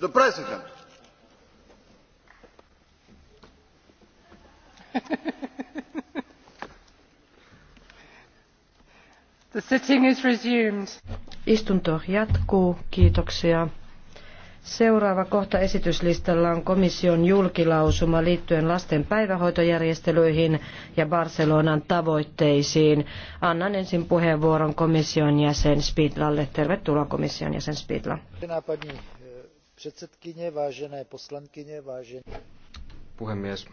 the president. the sitting is resumed. Istunto jatkuu. Kiitoksia. Seuraava kohta esityslistalla on komission julkilausuma liittyen lasten päivähoitojärjestelyihin ja Barcelonan tavoitteisiin. Annan ensin puheenvuoron komission jäsen Spidlalle. Tervetuloa komission jäsen Spidla. Puhemies